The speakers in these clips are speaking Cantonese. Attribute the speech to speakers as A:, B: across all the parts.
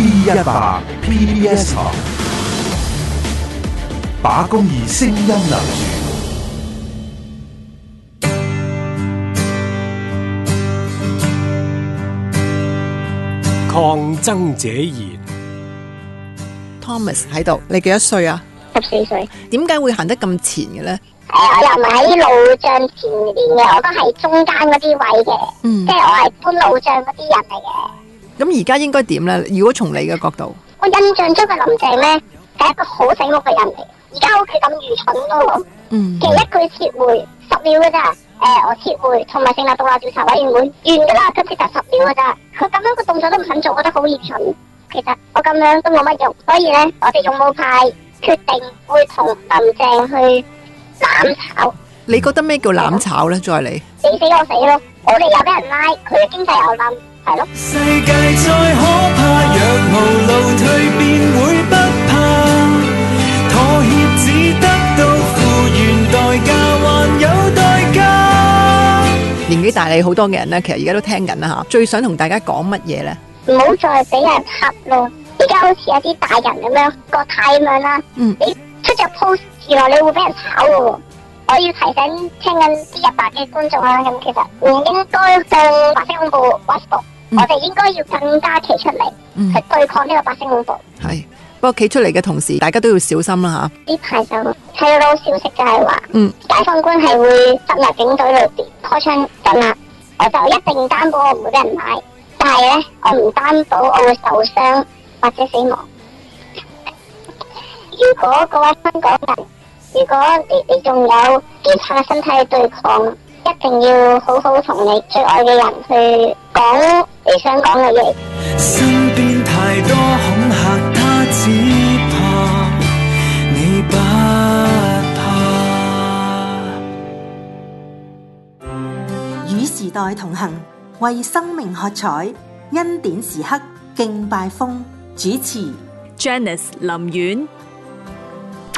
A: P 一百 PBS 台， 把公義聲音留
B: 住。抗爭者言
C: ，Thomas 喺
D: 度，你幾多歲啊？十四歲。點解會行得咁前嘅咧？
E: 誒、哎，我又唔係喺路障前面嘅，我都係中間嗰啲位嘅，嗯、即係我係搬路障嗰啲人嚟嘅。
D: 咁而家應該點咧？如果從你嘅角度，
E: 我印象中嘅林鄭咧係一個好醒目嘅人，而家屋企咁愚蠢咯、哦。嗯，其實一句撤回十秒嘅咋？誒、呃，我撤回，同埋成立獨立調查委員會完噶啦，今次就十秒嘅咋？佢咁樣個動作都唔肯做，我覺得好愚蠢。其實我咁樣都冇乜用，所以咧，我哋勇武派決定會同林鄭去攬
D: 炒。你覺得咩叫攬炒咧？的再嚟來，你
E: 死，死我死咯！我哋又俾人拉，佢嘅經濟又冧。世界再可怕，若無路退，便會不怕。
F: 妥協只得到負緣代價，還有代價。
G: 年紀大你好多嘅人咧，其實而家都在聽緊啦吓。最想同大家
D: 講乜嘢咧？
E: 唔好再俾人恰咯！而家好似有啲大人咁樣個態咁樣啦。啊、嗯，你出咗 post，原來你會俾人炒喎。我要提醒聽緊啲一百嘅觀眾啊，咁其實唔應該做白色恐怖。嗯、我哋應該要更加企出嚟，嗯、去對抗呢個白色恐怖。係，
G: 不過企出嚟嘅同時，大家都要小心啦吓。呢
E: 排就聽到消息就，就係話，解放軍係會進入警隊裏邊開槍鎮壓。我就一定擔保我唔會俾人買，但係呢，我唔擔保我會受傷或者死亡。 如果各位香港人，如果你你仲有其嘅身體去對抗，一定要好好同你最愛嘅人去講你想講嘅嘢。身邊太
F: 多恐嚇，
C: 他只怕你不怕。與時代同行，為生命喝彩。恩典時刻敬拜風，主持 Janice 林苑。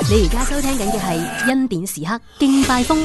C: 你而家收聽緊嘅係恩典時刻敬拜風。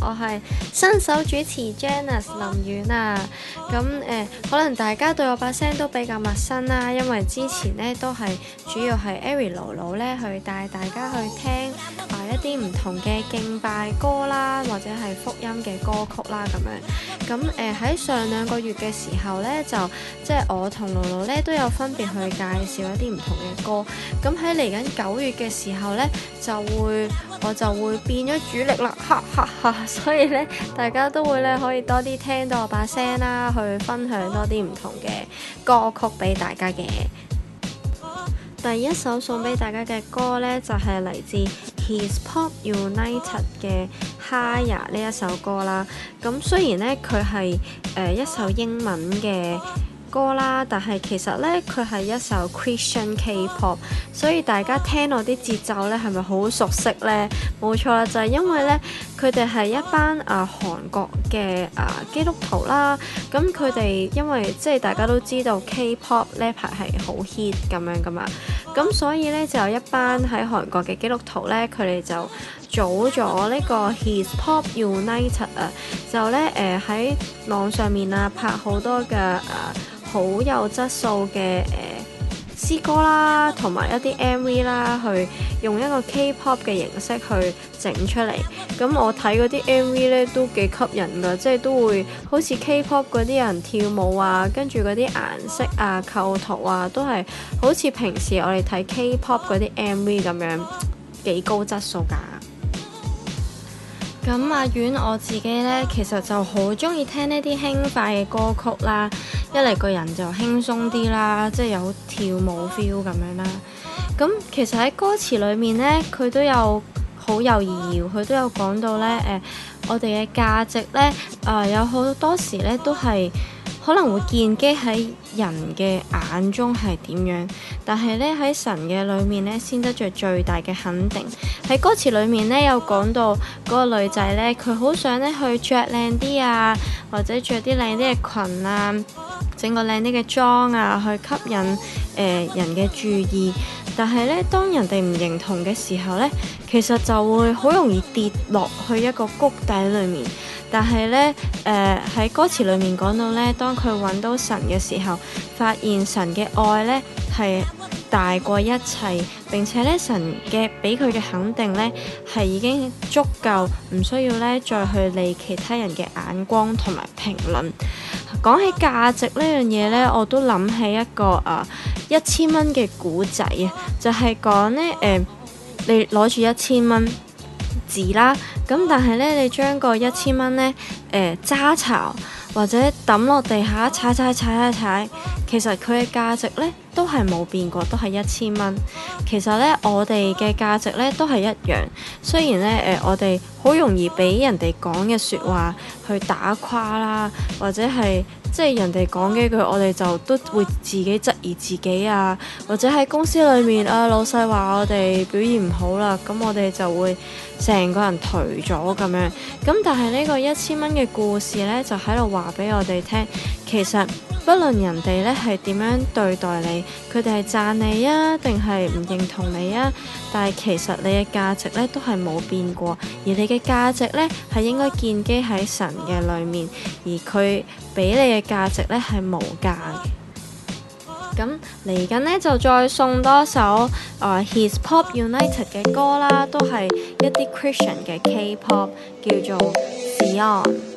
G: 我係。Oh, 首主持 Janice 林婉啊，咁、嗯、誒、呃，可能大家對我把聲都比較陌生啦、啊，因為之前咧都係主要係 Eric 姥姥咧去帶大家去聽啊、呃、一啲唔同嘅敬拜歌啦，或者係福音嘅歌曲啦咁樣。咁誒喺上兩個月嘅時候咧，就即係我同姥姥咧都有分別去介紹一啲唔同嘅歌。咁喺嚟緊九月嘅時候咧，就會我就會變咗主力啦，哈哈哈！所以咧，大家，大家都會咧，可以多啲聽到我把聲啦，去分享多啲唔同嘅歌曲俾大家嘅。第一首送俾大家嘅歌呢，就係嚟自 His Pop United 嘅《Higher》呢一首歌啦。咁雖然呢，佢係誒一首英文嘅。歌啦，但係其實呢，佢係一首 Christian K-pop，所以大家聽到啲節奏呢係咪好熟悉呢？冇錯啦，就係因為呢，佢哋係一班啊韓國嘅啊基督徒啦，咁佢哋因為即係大家都知道 K-pop 呢排係好 hit 咁樣噶嘛，咁所以呢，就有一班喺韓國嘅基督徒呢，佢哋就。組咗呢個 Hip Hop United 啊，就咧誒喺網上面啊拍好多嘅誒好有質素嘅誒詩歌啦，同埋一啲 MV 啦，去用一個 K-pop 嘅形式去整出嚟。咁我睇嗰啲 MV 咧都幾吸引㗎，即係都會好似 K-pop 嗰啲人跳舞啊，跟住嗰啲顏色啊、構圖啊，都係好似平時我哋睇 K-pop 嗰啲 MV 咁樣幾高質素㗎。咁阿婉我自己呢，其實就好中意聽呢啲輕快嘅歌曲啦，一嚟個人就輕鬆啲啦，即係有跳舞 feel 咁樣啦。咁、嗯、其實喺歌詞裏面呢，佢都有好有悠然，佢都有講到呢：呃「誒，我哋嘅價值呢，誒、呃，有好多時呢都係。可能會見機喺人嘅眼中係點樣，但係咧，喺神嘅裏面咧，先得着最大嘅肯定。喺歌詞裏面咧，有講到嗰個女仔咧，佢好想咧去着靚啲啊，或者着啲靚啲嘅裙啊，整個靚啲嘅妝啊，去吸引誒、呃、人嘅注意。但係咧，當人哋唔認同嘅時候咧，其實就會好容易跌落去一個谷底裏面。但係呢，誒、呃、喺歌詞裏面講到呢，當佢揾到神嘅時候，發現神嘅愛呢係大過一切，並且呢，神嘅俾佢嘅肯定呢係已經足夠，唔需要呢再去理其他人嘅眼光同埋評論。講起價值呢樣嘢呢，我都諗起一個啊一千蚊嘅古仔啊，就係、是、講呢，誒、呃，你攞住一千蚊。字啦，咁但係呢，你將個一千蚊呢，誒揸巢，或者抌落地下踩踩踩一踩，其實佢嘅價值呢，都係冇變過，都係一千蚊。其實呢，我哋嘅價值呢，都係一樣，雖然呢，誒、呃、我哋好容易俾人哋講嘅說話去打垮啦，或者係。即係人哋講幾句，我哋就都會自己質疑自己啊，或者喺公司裏面啊，老細話我哋表現唔好啦，咁我哋就會成個人頹咗咁樣。咁但係呢個一千蚊嘅故事呢，就喺度話俾我哋聽，其實。不論人哋咧係點樣對待你，佢哋係讚你啊，定係唔認同你啊，但係其實你嘅價值咧都係冇變過，而你嘅價值咧係應該建基喺神嘅裏面，而佢俾你嘅價值咧係無價嘅。咁嚟緊呢，就再送多首誒、uh,，His Pop United 嘅歌啦，都係一啲 Christian 嘅 K-pop，叫做 Sion。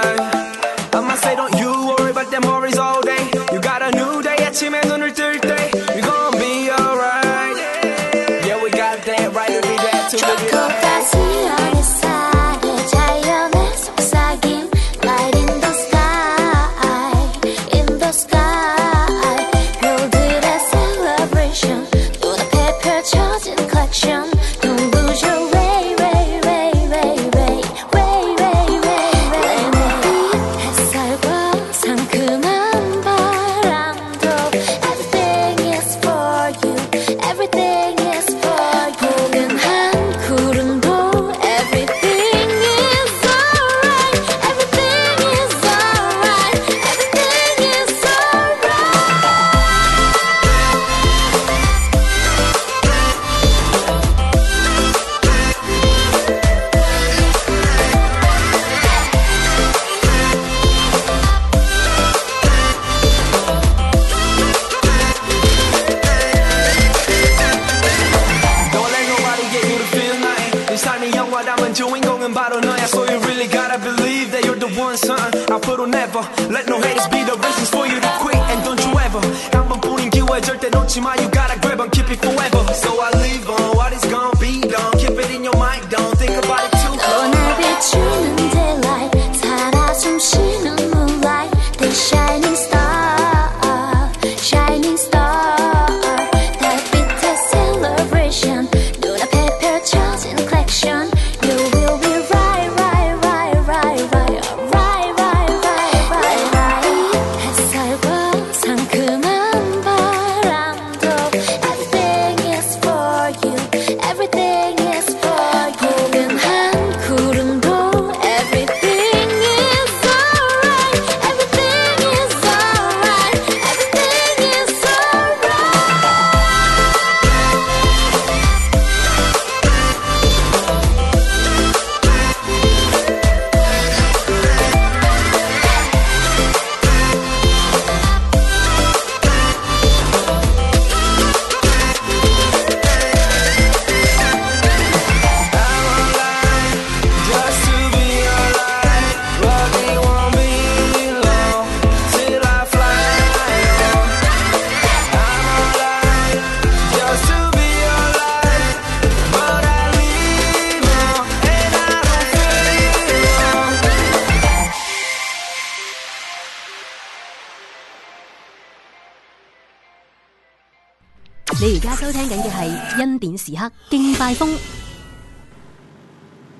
C: 時刻敬拜風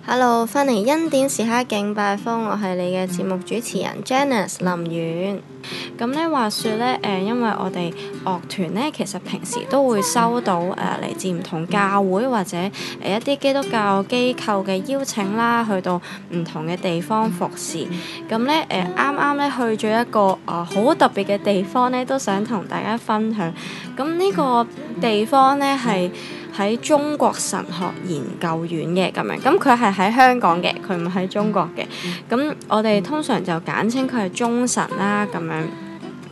G: ，Hello，歡迎恩典時刻敬拜風，我係你嘅節目主持人 Janice 林遠。咁呢話說呢，誒，因為我哋樂團呢，其實平時都會收到誒嚟、呃、自唔同教會或者誒一啲基督教機構嘅邀請啦，去到唔同嘅地方服侍。咁、呃、呢，誒，啱啱呢去咗一個誒好、呃、特別嘅地方呢，都想同大家分享。咁呢個地方呢，係，喺中國神學研究院嘅咁樣，咁佢係喺香港嘅，佢唔喺中國嘅，咁、嗯、我哋通常就簡稱佢係中神啦咁樣，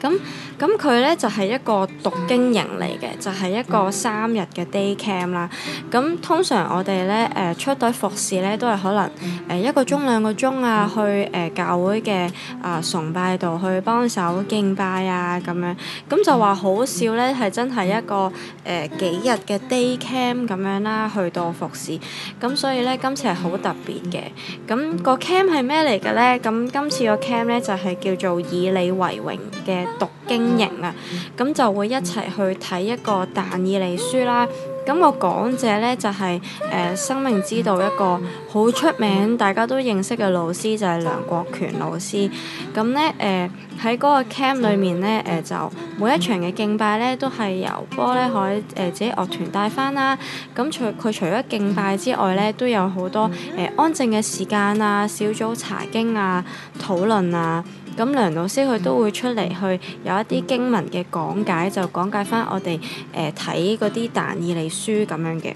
G: 咁。咁佢呢就係、是、一個讀經營嚟嘅，就係、是、一個三日嘅 day camp 啦。咁通常我哋呢誒、呃、出隊服侍呢，都係可能誒、呃、一個鐘兩個鐘啊，去誒、呃、教會嘅、呃、崇拜度去幫手敬拜啊咁樣。咁就話好少呢係真係一個誒、呃、幾日嘅 day camp 咁樣啦，去到服侍，咁所以呢，今次係好特別嘅。咁、那個 camp 係咩嚟嘅呢？咁今次個 camp 呢就係、是、叫做以你為榮嘅讀經營啊，咁就會一齊去睇一個《但以理書》啦。咁個講者呢，就係、是、誒、呃、生命之道一個好出名、大家都認識嘅老師，就係、是、梁國權老師。咁呢，誒喺嗰個 camp 裏面呢，誒、呃，就每一場嘅敬拜呢，都係由玻璃海誒、呃、自己樂團帶翻啦。咁除佢除咗敬拜之外呢，都有好多誒、呃、安靜嘅時間啊、小組查經啊、討論啊。咁梁老師佢都會出嚟去有一啲經文嘅講解，就講解翻我哋誒睇嗰啲彈異例書咁樣嘅。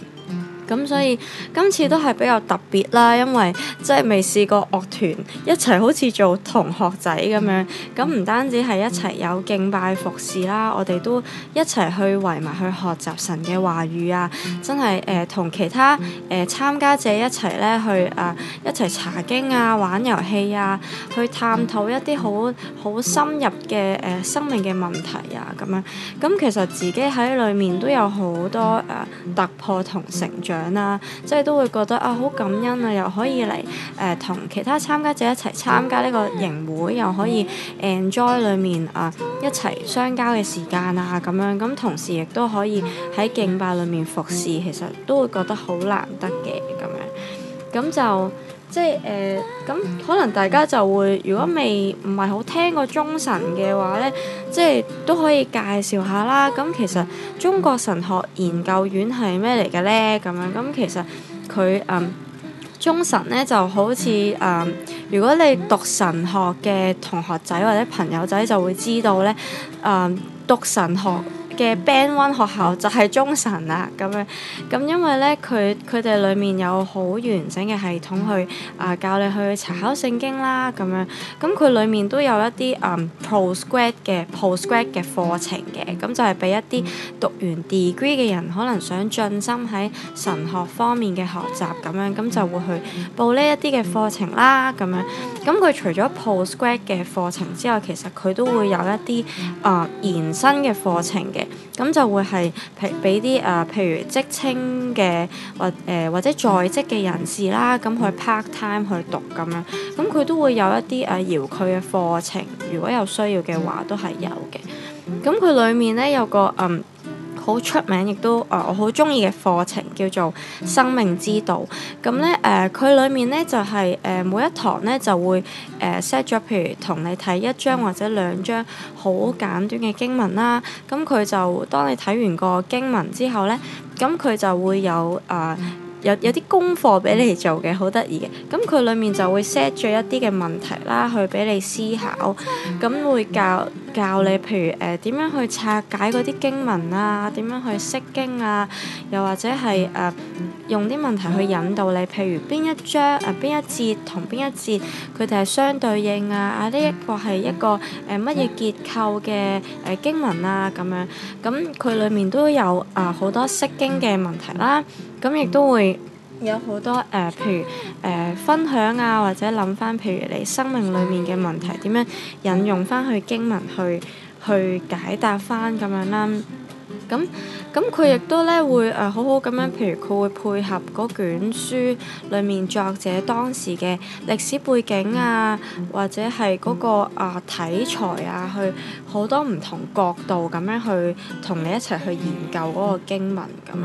G: 咁所以今次都係比較特別啦，因為即係未試過樂團一齊好似做同學仔咁樣，咁唔單止係一齊有敬拜服侍啦，我哋都一齊去圍埋去學習神嘅話語啊！真係誒同其他誒參加者一齊咧去誒一齊查經啊、玩遊戲啊、去探討一啲好好深入嘅誒生命嘅問題啊咁樣。咁其實自己喺裏面都有好多誒突破同成長。樣啦，即係都會覺得啊，好感恩啊，又可以嚟誒同其他參加者一齊參加呢個營會，又可以 enjoy 裏面啊一齊相交嘅時間啊咁樣，咁同時亦都可以喺敬拜裏面服侍，其實都會覺得好難得嘅咁樣，咁就。即係誒，咁、呃、可能大家就會，如果未唔係好聽過中神嘅話咧，即係都可以介紹下啦。咁、嗯、其實中國神學研究院係咩嚟嘅咧？咁樣咁、嗯、其實佢嗯中神咧就好似誒、嗯，如果你讀神學嘅同學仔或者朋友仔就會知道咧，誒、嗯、讀神學。嘅 Band One 學校就係、是、中神啦，咁樣，咁因為咧佢佢哋裏面有好完整嘅系統去啊、呃、教你去查考聖經啦，咁樣，咁佢裏面都有一啲啊、um, Post Grad 嘅 Post Grad 嘅課程嘅，咁就係俾一啲讀完 Degree 嘅人可能想進深喺神學方面嘅學習，咁樣，咁就會去報呢一啲嘅課程啦，咁樣，咁佢除咗 Post Grad 嘅課程之外，其實佢都會有一啲啊、呃、延伸嘅課程嘅。咁就會係俾啲誒，譬如職稱嘅或誒、呃、或者在職嘅人士啦，咁、啊、去 part time 去讀咁樣，咁佢都會有一啲誒遙距嘅課程，如果有需要嘅話都係有嘅。咁佢裡面咧有個嗯。好出名，亦都誒、呃、我好中意嘅課程叫做生命之道。咁咧誒，佢、呃、裡面咧就係、是、誒、呃、每一堂咧就會誒 set 咗，譬如同你睇一章或者兩章好簡短嘅經文啦。咁佢就當你睇完個經文之後咧，咁佢就會有誒、呃、有有啲功課俾你做嘅，好得意嘅。咁佢裡面就會 set 咗一啲嘅問題啦，去俾你思考。咁會教。教你譬如誒點、呃、樣去拆解嗰啲經文啊，點樣去識經啊，又或者係誒、呃、用啲問題去引導你，譬如邊一章啊，邊、呃、一節同邊一節佢哋係相對應啊，啊呢、這個、一個係一個誒乜嘢結構嘅誒、呃、經文啊咁樣，咁佢裏面都有啊好、呃、多識經嘅問題啦、啊，咁亦都會。有好多誒、呃，譬如誒、呃、分享啊，或者諗翻譬如你生命裏面嘅問題，點樣引用翻去經文去去解答翻咁樣啦、啊，咁。咁佢亦都咧會誒好好咁樣，譬如佢會配合嗰卷書裏面作者當時嘅歷史背景啊，或者係嗰個啊體裁啊，去好多唔同角度咁樣去同你一齊去研究嗰個經文咁樣。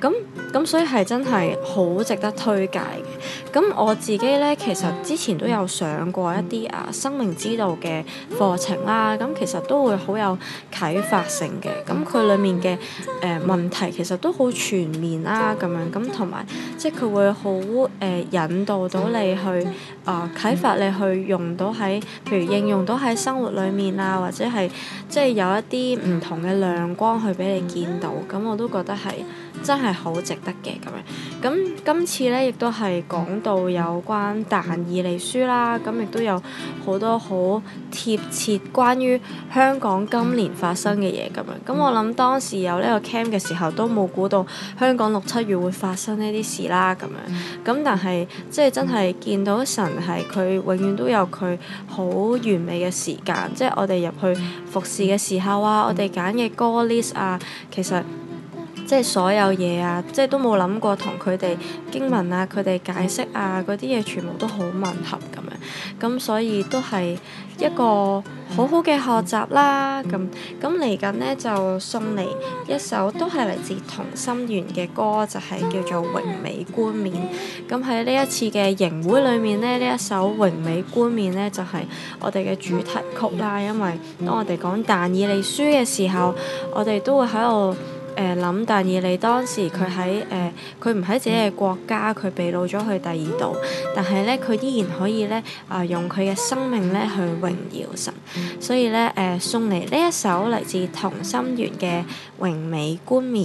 G: 咁咁所以係真係好值得推介嘅。咁我自己咧其實之前都有上過一啲啊生命之道嘅課程啦、啊，咁其實都會好有啟發性嘅。咁佢裡面嘅誒、呃、問題其實都好全面啦、啊，咁樣咁同埋，即係佢會好誒、呃、引導到你去啊、呃、啟發你去用到喺，譬如應用到喺生活裡面啊，或者係即係有一啲唔同嘅亮光去俾你見到，咁我都覺得係。真係好值得嘅咁樣，咁今次呢，亦都係講到有關但以理書啦，咁亦都有好多好貼切關於香港今年發生嘅嘢咁樣。咁我諗當時有呢個 camp 嘅時候都冇估到香港六七月會發生呢啲事啦，咁樣。咁但係即係真係見到神係佢永遠都有佢好完美嘅時間，即係我哋入去服侍嘅時候啊，我哋揀嘅歌 list 啊，其實。即係所有嘢啊，即係都冇諗過同佢哋經文啊，佢哋解釋啊，嗰啲嘢全部都好吻合咁樣，咁所以都係一個好好嘅學習啦。咁咁嚟緊呢，就送嚟一首都係嚟自同心圓嘅歌，就係、是、叫做《榮美冠冕》。咁喺呢一次嘅營會裏面呢，呢一首《榮美冠冕》呢，就係、是、我哋嘅主題曲啦。因為當我哋講《但以理書》嘅時候，我哋都會喺度。誒諗、呃，但以理當時佢喺誒，佢唔喺自己嘅國家，佢被擄咗去第二度，但係呢，佢依然可以呢，啊、呃，用佢嘅生命呢去榮耀神，嗯、所以呢，誒、呃、送嚟呢一首嚟自同心園嘅《榮美冠冕》。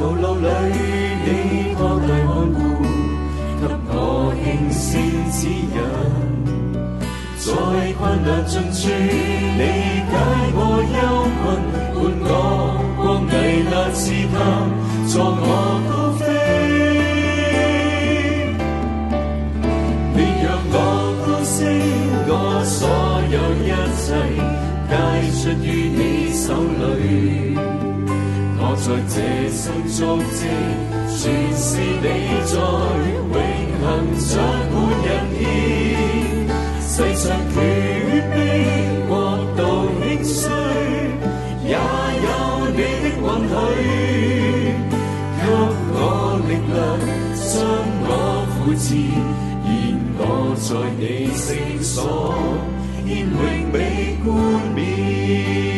B: 道路裏，你擴大看護，給我輕聲指引，在困難盡處。逐字全是你在永恒掌管人意，世上絕壁國度興衰，也有你的允許，給我力量，將我扶持，
H: 現我在你聖所，願永比冠冕。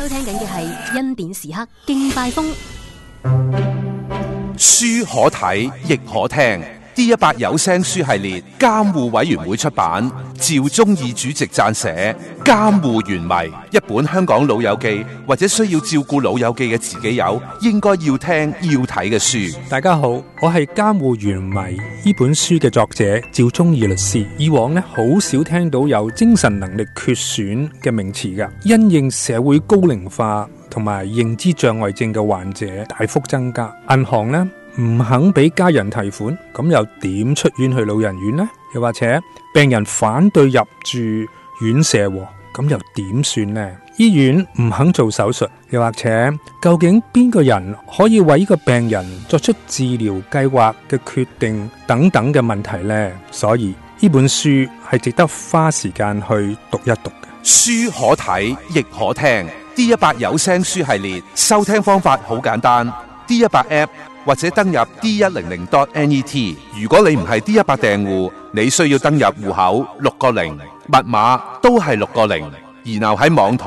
C: 收聽緊嘅係《恩典時刻敬拜風》，
A: 書可睇，亦可聽。d 一百有聲書系列，監護委員會出版，趙忠義主席撰寫《監護原迷》，一本香港老友記或者需要照顧老友記嘅自己友，應該要聽要睇嘅書。
D: 大家好，我係《監護原迷》呢本書嘅作者趙忠義律師。以往呢好少聽到有精神能力缺損嘅名詞㗎，因應社會高齡化同埋認知障礙症嘅患者大幅增加，銀行呢。唔肯俾家人提款，咁又點出院去老人院呢？又或者病人反對入住院舍喎，咁又點算呢？醫院唔肯做手術，又或者究竟邊個人可以為呢個病人作出治療計劃嘅決定等等嘅問題呢？所以呢本書係值得花時間去讀一讀嘅。書可睇，亦可聽。D 一百有聲
A: 書系列，收聽方法好簡單。D 一百 App。或者登入 D 一百 dot net。如果你唔係 D 一百訂戶，你需要登入戶口六個零，密碼都係六個零。然後喺網台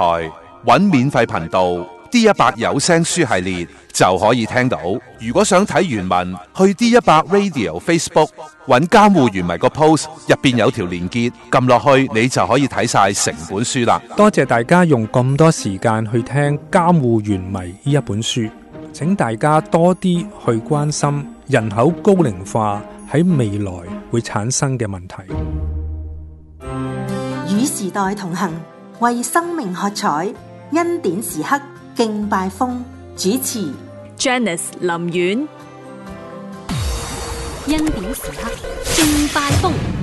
A: 搵免費頻道 D 一百有聲書系列就可以聽到。如果想睇原文，去 D 一百 Radio Facebook 搵監護員迷個 post，入面有條連結，撳落去你就可以睇晒成本書啦。
D: 多謝大家用咁多時間去聽《監護員迷》呢一本書。請大家多啲去關心人口高齡化喺未來會產生嘅問題。
C: 與時代同行，為生命喝彩。恩典時刻，敬拜風，主持：Janice 林苑。
E: 恩典時刻，敬拜風。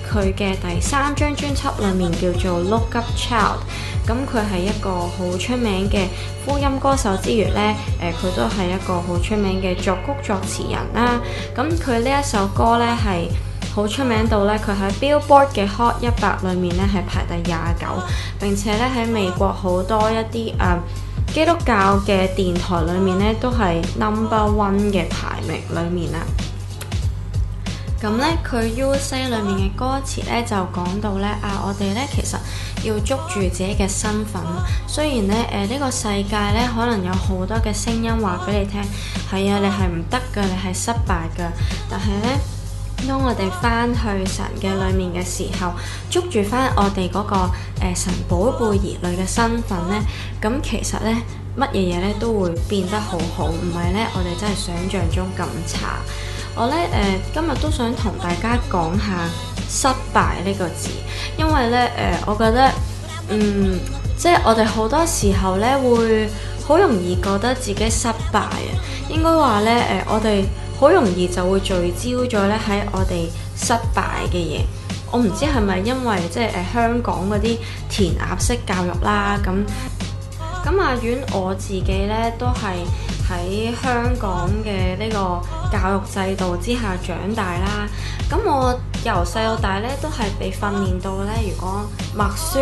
G: 佢嘅第三張專輯裏面叫做《Look Up Child》。嗯，咁佢係一個好出名嘅福音歌手之餘呢，誒佢、呃、都係一個好出名嘅作曲作詞人啦、啊。咁佢呢一首歌呢係好出名到呢，佢喺 Billboard 嘅 Hot 一百裏面呢係排第廿九，並且呢喺美國好多一啲誒、嗯、基督教嘅電台裏面呢都係 Number One 嘅排名裏面啦、啊。咁呢，佢《You Say》裏面嘅歌詞呢，就講到呢：「啊，我哋呢，其實要捉住自己嘅身份。雖然呢，誒、呃、呢、這個世界呢，可能有好多嘅聲音話俾你聽，係啊，你係唔得噶，你係失敗噶。」但係呢，當我哋翻去神嘅裏面嘅時候，捉住翻我哋嗰、那個誒、呃、神寶貝兒女嘅身份呢，咁、嗯、其實呢，乜嘢嘢呢都會變得好好，唔係呢，我哋真係想象中咁差。我咧，誒、呃、今日都想同大家講下失敗呢個字，因為咧，誒、呃、我覺得，嗯，即係我哋好多時候咧，會好容易覺得自己失敗啊，應該話咧，誒我哋好容易就會聚焦咗咧，喺我哋失敗嘅嘢。我唔知係咪因為即係誒、呃、香港嗰啲填鴨式教育啦，咁咁阿苑我自己咧都係，喺香港嘅呢個教育制度之下長大啦，咁我由細到大咧都係被訓練到咧，如果默書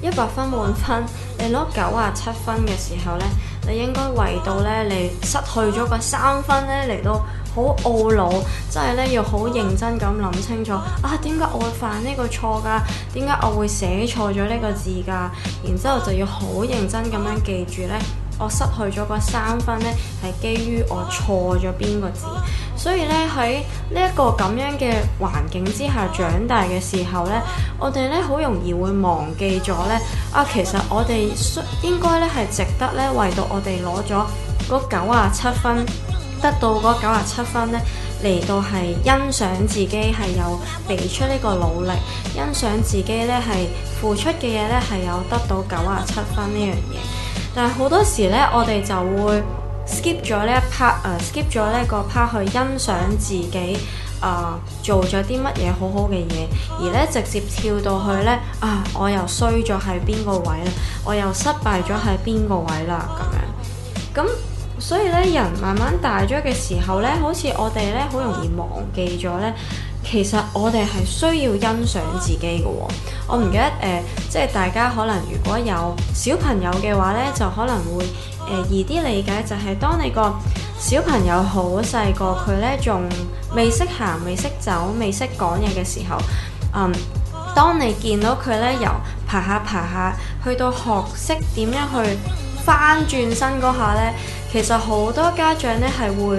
G: 一百分滿分，你攞九啊七分嘅時候咧，你應該為到咧你失去咗個三分咧嚟到好懊惱，即係咧要好認真咁諗清楚啊，點解我會犯呢個錯㗎？點解我會寫錯咗呢個字㗎？然之後就要好認真咁樣記住咧。我失去咗個三分呢，係基於我錯咗邊個字，所以呢，喺呢一個咁樣嘅環境之下長大嘅時候呢，我哋呢好容易會忘記咗呢。啊！其實我哋應該呢係值得呢，為到我哋攞咗嗰九十七分，得到嗰九十七分呢，嚟到係欣賞自己係有俾出呢個努力，欣賞自己呢係付出嘅嘢呢，係有得到九十七分呢樣嘢。但係好多時咧，我哋就會 skip、uh, skip 咗呢一 part，誒 skip 咗呢一個 part 去欣賞自己，誒、uh, 做咗啲乜嘢好好嘅嘢，而咧直接跳到去咧，啊我又衰咗喺邊個位啦，我又失敗咗喺邊個位啦，咁樣。咁所以咧，人慢慢大咗嘅時候咧，好似我哋咧，好容易忘記咗咧。其實我哋係需要欣賞自己嘅喎，我唔記得誒，即係大家可能如果有小朋友嘅話呢，就可能會誒易啲理解，就係當你個小朋友好細個，佢呢仲未識行、未識走、未識講嘢嘅時候，嗯，當你見到佢呢由爬下爬下去到學識點樣去翻轉身嗰下呢，其實好多家長呢係會。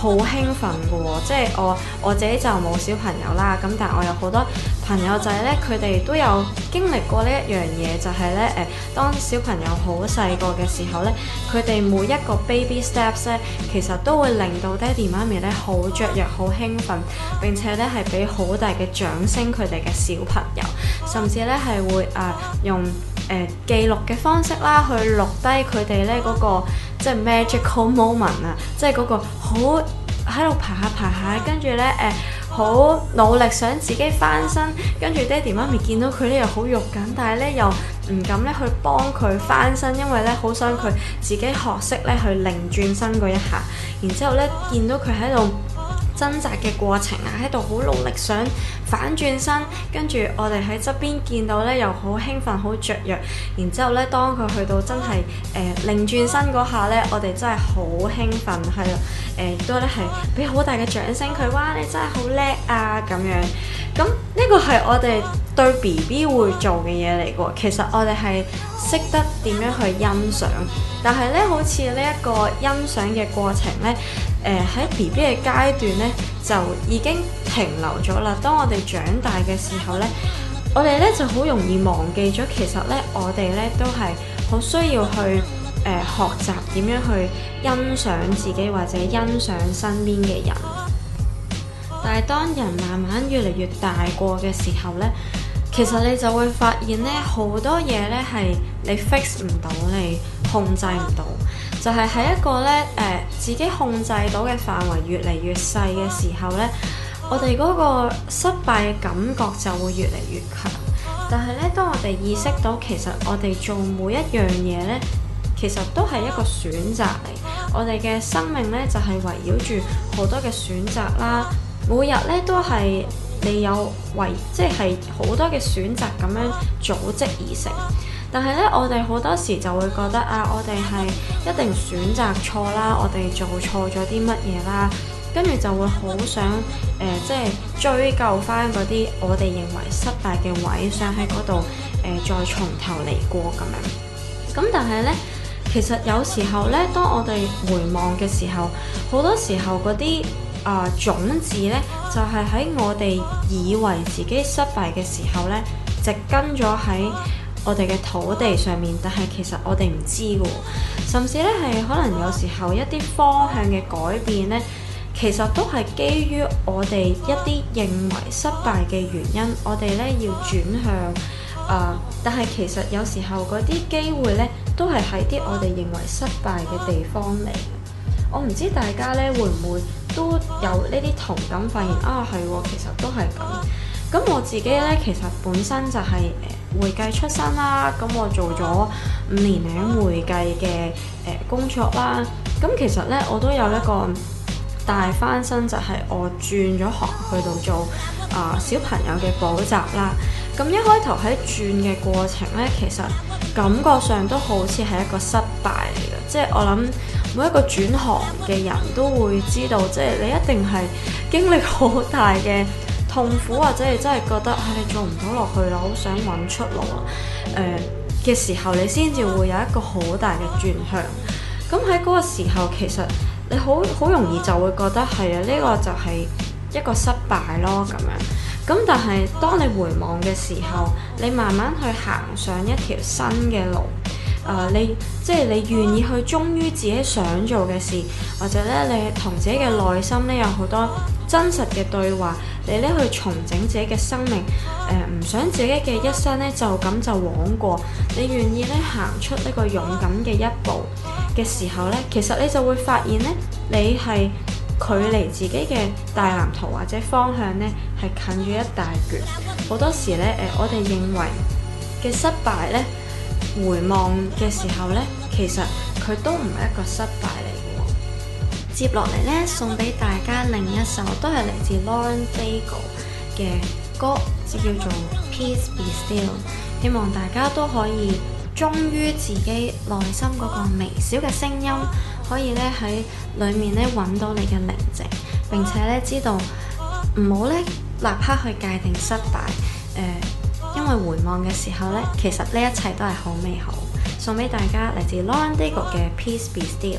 G: 好興奮嘅喎、哦，即係我我自己就冇小朋友啦，咁但係我有好多朋友仔呢，佢哋都有經歷過呢一樣嘢，就係、是、呢。誒，當小朋友好細個嘅時候呢，佢哋每一個 baby steps 呢，其實都會令到爹哋媽咪呢好雀躍、好興奮，並且呢係俾好大嘅掌聲佢哋嘅小朋友，甚至呢係會誒、呃、用。誒、呃、記錄嘅方式啦，去錄低佢哋呢嗰、那個即係 magical moment 啊，即係嗰個好喺度爬下爬下，跟住呢，誒、呃、好努力想自己翻身，跟住爹哋媽咪見到佢呢，又好肉緊，但係呢又唔敢呢去幫佢翻身，因為呢好想佢自己學識呢去擰轉身嗰一下，然之後呢，見到佢喺度掙扎嘅過程啊，喺度好努力想反轉身，跟住我哋喺側邊見到呢，又好興奮，好雀躍，然之後呢，當佢去到真係誒，擰、呃、轉身嗰下呢，我哋真係好興奮，係啦，誒、呃、都咧係俾好大嘅掌聲，佢哇，你真係好叻啊咁樣。咁呢個係我哋對 B B 會做嘅嘢嚟嘅喎，其實我哋係識得點樣去欣賞，但係呢，好似呢一個欣賞嘅過程呢，誒、呃、喺 B B 嘅階段呢，就已經停留咗啦。當我哋長大嘅時候呢，我哋呢就好容易忘記咗，其實呢，我哋呢都係好需要去誒、呃、學習點樣去欣賞自己或者欣賞身邊嘅人。但係，當人慢慢越嚟越大個嘅時候呢，其實你就會發現呢，好多嘢呢係你 fix 唔到，你控制唔到，就係、是、喺一個呢誒、呃、自己控制到嘅範圍越嚟越細嘅時候呢，我哋嗰個失敗嘅感覺就會越嚟越強。但係呢，當我哋意識到，其實我哋做每一樣嘢呢，其實都係一個選擇嚟。我哋嘅生命呢，就係圍繞住好多嘅選擇啦。每日咧都係你有為，即係好多嘅選擇咁樣組織而成。但係咧，我哋好多時就會覺得啊，我哋係一定選擇錯啦，我哋做錯咗啲乜嘢啦，跟住就會好想誒、呃，即係追究翻嗰啲我哋認為失敗嘅位，想喺嗰度誒再從頭嚟過咁樣。咁但係呢，其實有時候呢，當我哋回望嘅時候，好多時候嗰啲，啊、呃，種子呢就係、是、喺我哋以為自己失敗嘅時候呢，植根咗喺我哋嘅土地上面。但係其實我哋唔知喎，甚至呢，係可能有時候一啲方向嘅改變呢，其實都係基於我哋一啲認為失敗嘅原因，我哋呢要轉向、呃、但係其實有時候嗰啲機會呢，都係喺啲我哋認為失敗嘅地方嚟。我唔知大家呢會唔會？都有呢啲同感，發現啊係喎，其實都係咁。咁我自己呢，其實本身就係誒會計出身啦，咁我做咗五年零會計嘅誒工作啦。咁其實呢，我都有一個大翻身，就係我轉咗行去到做啊、呃、小朋友嘅補習啦。咁一開頭喺轉嘅過程呢，其實感覺上都好似係一個失敗嚟嘅，即係我諗。每一個轉行嘅人都會知道，即係你一定係經歷好大嘅痛苦，或者係真係覺得啊，你做唔到落去啦，好想揾出路啊，嘅時候，你先至會有一個好大嘅轉向。咁喺嗰個時候，其實你好好容易就會覺得係啊，呢個就係一個失敗咯咁樣。咁但係當你回望嘅時候，你慢慢去行上一條新嘅路。誒，uh，你即係你願意去忠於自己想做嘅事，或者咧你同自己嘅內心咧有好多真實嘅對話，你咧去重整自己嘅生命，呃，唔想自己嘅一生咧就咁就枉過。你願意咧行出呢個勇敢嘅一步嘅時候咧，其實你就會發現咧，你係距離自己嘅大藍圖或者方向咧係近咗一大橛。好多時咧誒，我哋認為嘅失敗咧。回望嘅時候呢，其實佢都唔係一個失敗嚟嘅。接落嚟呢，送俾大家另一首，都係嚟自 Lauren Daigle 嘅歌，即叫做《Peace Be Still》。希望大家都可以忠於自己內心嗰個微小嘅聲音，可以呢喺裏面呢揾到你嘅寧靜，並且呢知道唔好呢立刻去界定失敗。誒、呃。去回望嘅時候呢，其實呢一切都係好美好。送俾大家嚟自 Lauren Daigle 嘅《Peace Be Still》。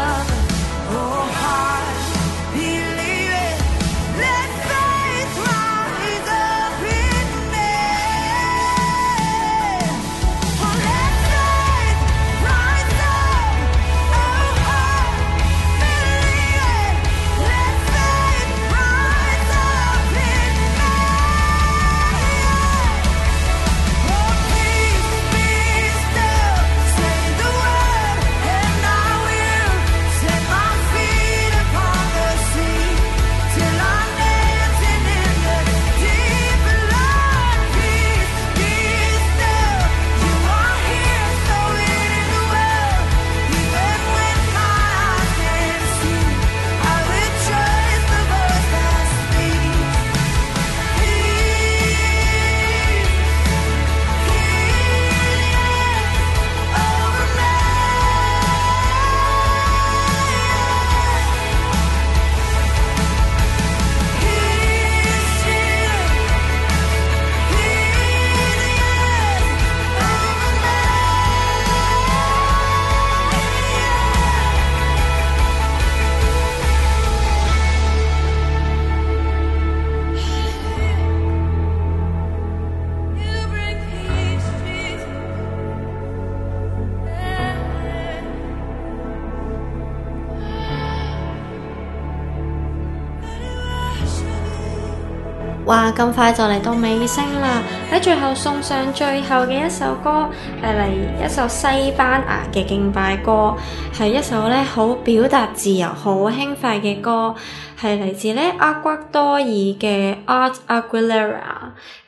G: 哇！咁快就嚟到尾聲啦，喺最後送上最後嘅一首歌，係嚟一首西班牙嘅敬拜歌，係一首咧好表達自由、好輕快嘅歌，係嚟自咧阿瓜多爾嘅《阿阿古拉瑞亞》。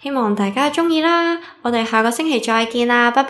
G: 希望大家中意啦，我哋下個星期再見啦，拜拜。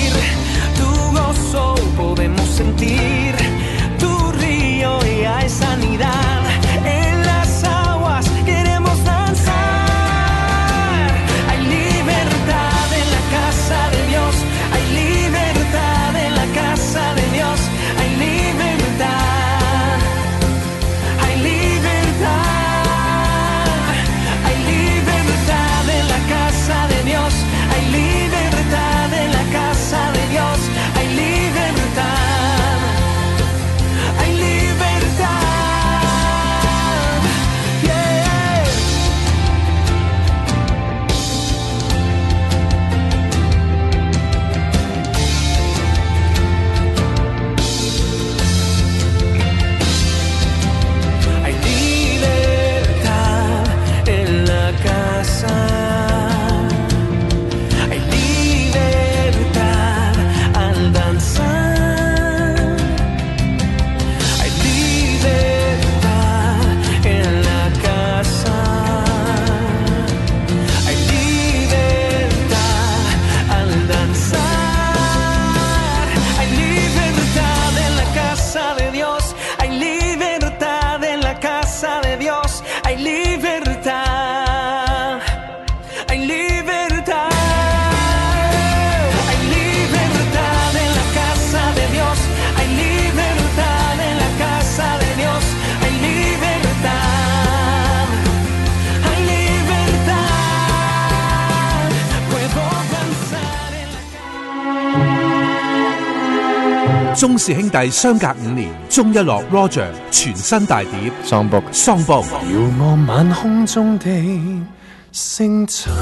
A: 鍾氏兄弟相隔五年，鍾一匡 Roger 全新大碟《桑布波桑布》，遙望晚空中的星辰。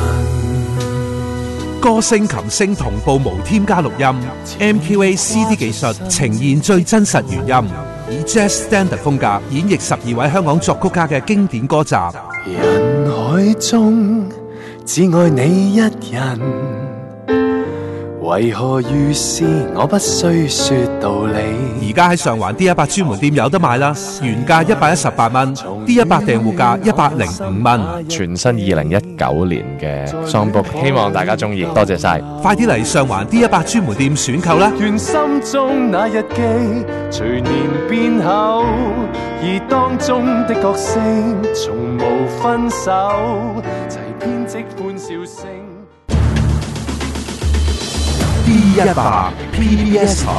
A: 歌聲、琴聲同步，無添加錄音，MQA CD 技術呈現最真實原音，以 Jazz Standard 風格演繹十二位香港作曲家嘅經典歌集。人海
B: 中只愛你一人。
A: 為何我不需說道理？而家喺上環 D 一百專門店有得賣啦，原價一百一十八蚊，D 一百訂戶價一百零五蚊，全新二零一九年嘅雙 Book 希望大家中意，多謝晒，謝快啲嚟上環 D 一百專門店選購啦！
B: 心中那日記隨年變厚，而當中的角色從
A: 無分
B: 手，齊編織半小
A: 一百 PBS 台，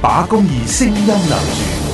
A: 把公義聲音留住。